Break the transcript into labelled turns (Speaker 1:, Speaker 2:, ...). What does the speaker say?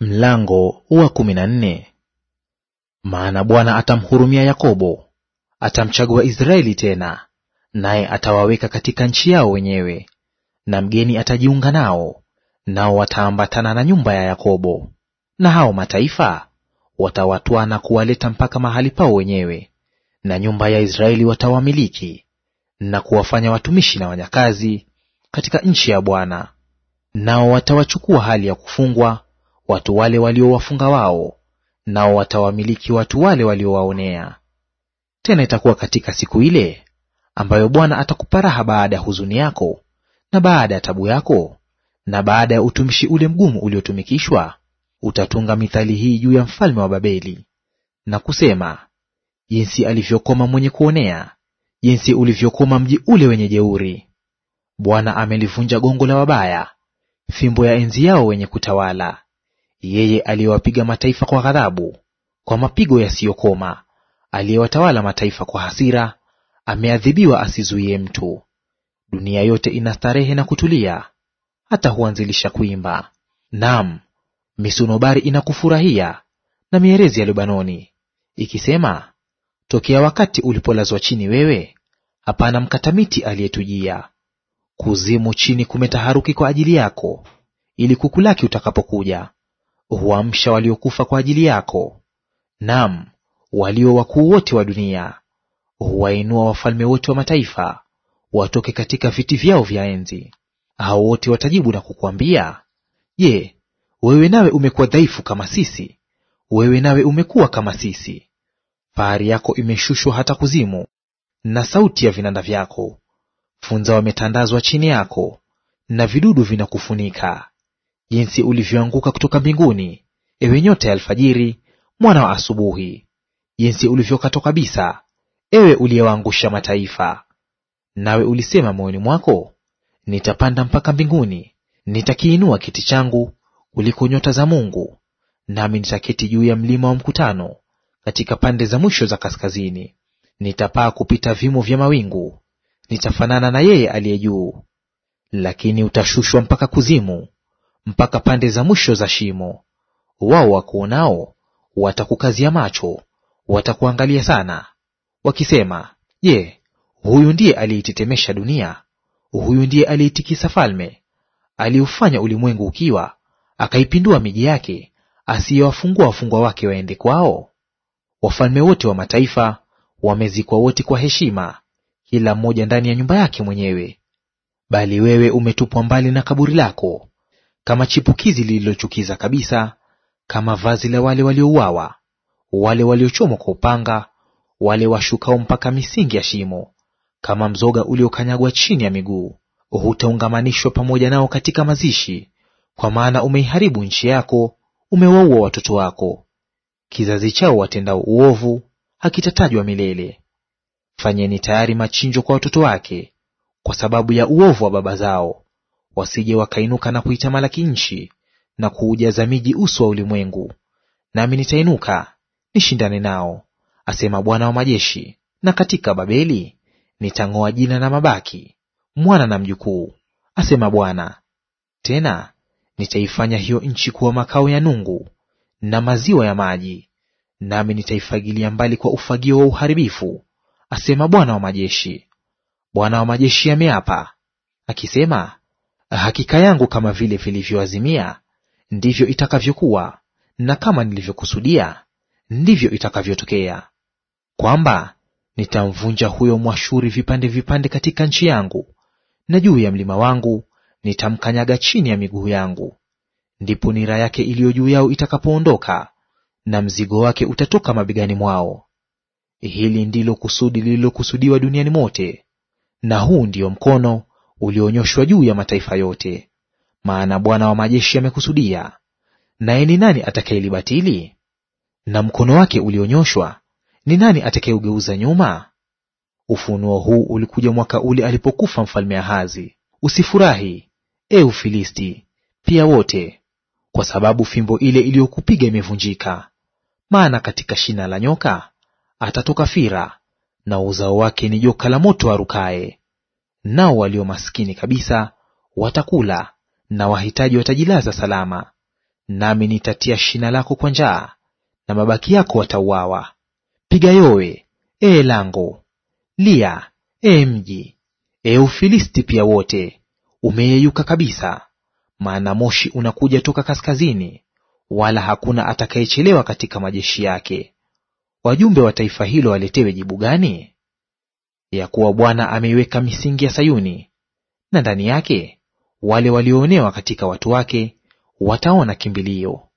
Speaker 1: Mlango wa kumi na nne. Maana Bwana atamhurumia Yakobo, atamchagua Israeli tena, naye atawaweka katika nchi yao wenyewe, na mgeni atajiunga nao, nao wataambatana na nyumba ya Yakobo. Na hao mataifa watawatwaa na kuwaleta mpaka mahali pao wenyewe, na nyumba ya Israeli watawamiliki na kuwafanya watumishi na wanyakazi katika nchi ya Bwana, nao watawachukua hali ya kufungwa watu wale waliowafunga wao, nao watawamiliki watu wale waliowaonea. Tena itakuwa katika siku ile ambayo Bwana atakupa raha baada ya huzuni yako na baada ya tabu yako na baada ya utumishi ule mgumu uliotumikishwa, utatunga mithali hii juu ya mfalme wa Babeli na kusema, jinsi alivyokoma mwenye kuonea, jinsi ulivyokoma mji ule wenye jeuri! Bwana amelivunja gongo la wabaya, fimbo ya enzi yao wenye kutawala yeye aliyewapiga mataifa kwa ghadhabu, kwa mapigo yasiyokoma, aliyewatawala mataifa kwa hasira, ameadhibiwa asizuie mtu. Dunia yote inastarehe na kutulia, hata huanzilisha kuimba; naam, misunobari inakufurahia na mierezi ya Lebanoni, ikisema, tokea wakati ulipolazwa chini wewe, hapana mkatamiti aliyetujia. Kuzimu chini kumetaharuki kwa ajili yako, ili kukulaki utakapokuja huamsha waliokufa kwa ajili yako, naam, walio wakuu wote wa dunia. Huwainua wafalme wote wa mataifa watoke katika viti vyao vya enzi. Hao wote watajibu na kukuambia, Je, wewe nawe umekuwa dhaifu kama sisi? Wewe nawe umekuwa kama sisi. Fahari yako imeshushwa hata kuzimu, na sauti ya vinanda vyako. Funza wametandazwa chini yako, na vidudu vinakufunika jinsi ulivyoanguka kutoka mbinguni, ewe nyota ya alfajiri, mwana wa asubuhi! Jinsi ulivyokatwa kabisa, ewe uliyewaangusha mataifa! Nawe ulisema moyoni mwako, nitapanda mpaka mbinguni, nitakiinua kiti changu kuliko nyota za Mungu, nami nitaketi juu ya mlima wa mkutano, katika pande za mwisho za kaskazini. Nitapaa kupita vimo vya mawingu, nitafanana na yeye aliye juu. Lakini utashushwa mpaka kuzimu, mpaka pande za mwisho za shimo. Wao wakuonao watakukazia macho, watakuangalia sana, wakisema, Je, huyu ndiye aliyeitetemesha dunia? Huyu ndiye aliyeitikisa falme, aliufanya ulimwengu ukiwa, akaipindua miji yake, asiyewafungua wafungwa wake waende kwao? Wafalme wote wa mataifa wamezikwa wote kwa heshima, kila mmoja ndani ya nyumba yake mwenyewe, bali wewe umetupwa mbali na kaburi lako kama chipukizi lililochukiza kabisa, kama vazi la wale waliouawa, wale waliochomwa kwa upanga, wale washukao mpaka misingi ya shimo, kama mzoga uliokanyagwa chini ya miguu. Hutaungamanishwa pamoja nao katika mazishi, kwa maana umeiharibu nchi yako, umewaua watoto wako. Kizazi chao watendao uovu hakitatajwa milele. Fanyeni tayari machinjo kwa watoto wake, kwa sababu ya uovu wa baba zao wasije wakainuka na kuitamalaki nchi na kuujaza miji uso wa ulimwengu. Nami nitainuka nishindane nao, asema Bwana wa majeshi, na katika Babeli nitang'oa jina na mabaki, mwana na mjukuu, asema Bwana. Tena nitaifanya hiyo nchi kuwa makao ya nungu na maziwa ya maji, nami nitaifagilia mbali kwa ufagio wa uharibifu, asema Bwana wa majeshi. Bwana wa majeshi ameapa akisema, Hakika yangu kama vile vilivyoazimia ndivyo itakavyokuwa, na kama nilivyokusudia ndivyo itakavyotokea, kwamba nitamvunja huyo Mwashuri vipande vipande katika nchi yangu, na juu ya mlima wangu nitamkanyaga chini ya miguu yangu. Ndipo nira yake iliyo juu yao itakapoondoka, na mzigo wake utatoka mabegani mwao. Hili ndilo kusudi lililokusudiwa duniani mote, na huu ndiyo mkono ulionyoshwa juu ya mataifa yote. Maana Bwana wa majeshi amekusudia, naye ni nani atakayelibatili? Na mkono wake ulionyoshwa ni nani atakayeugeuza nyuma? Ufunuo huu ulikuja mwaka ule alipokufa mfalme Ahazi. Usifurahi, e Ufilisti, pia wote, kwa sababu fimbo ile iliyokupiga imevunjika. Maana katika shina la nyoka atatoka fira, na uzao wake ni joka la moto arukaye nao walio maskini kabisa watakula na wahitaji watajilaza salama. Nami nitatia shina lako kwa njaa na mabaki yako watauawa. Piga yowe, ee lango; lia, ee mji; ee Ufilisti pia wote, umeyeyuka kabisa. Maana moshi unakuja toka kaskazini, wala hakuna atakayechelewa katika majeshi yake. Wajumbe wa taifa hilo waletewe jibu gani? ya kuwa Bwana ameiweka misingi ya Sayuni, na ndani yake wale walioonewa katika watu wake wataona kimbilio.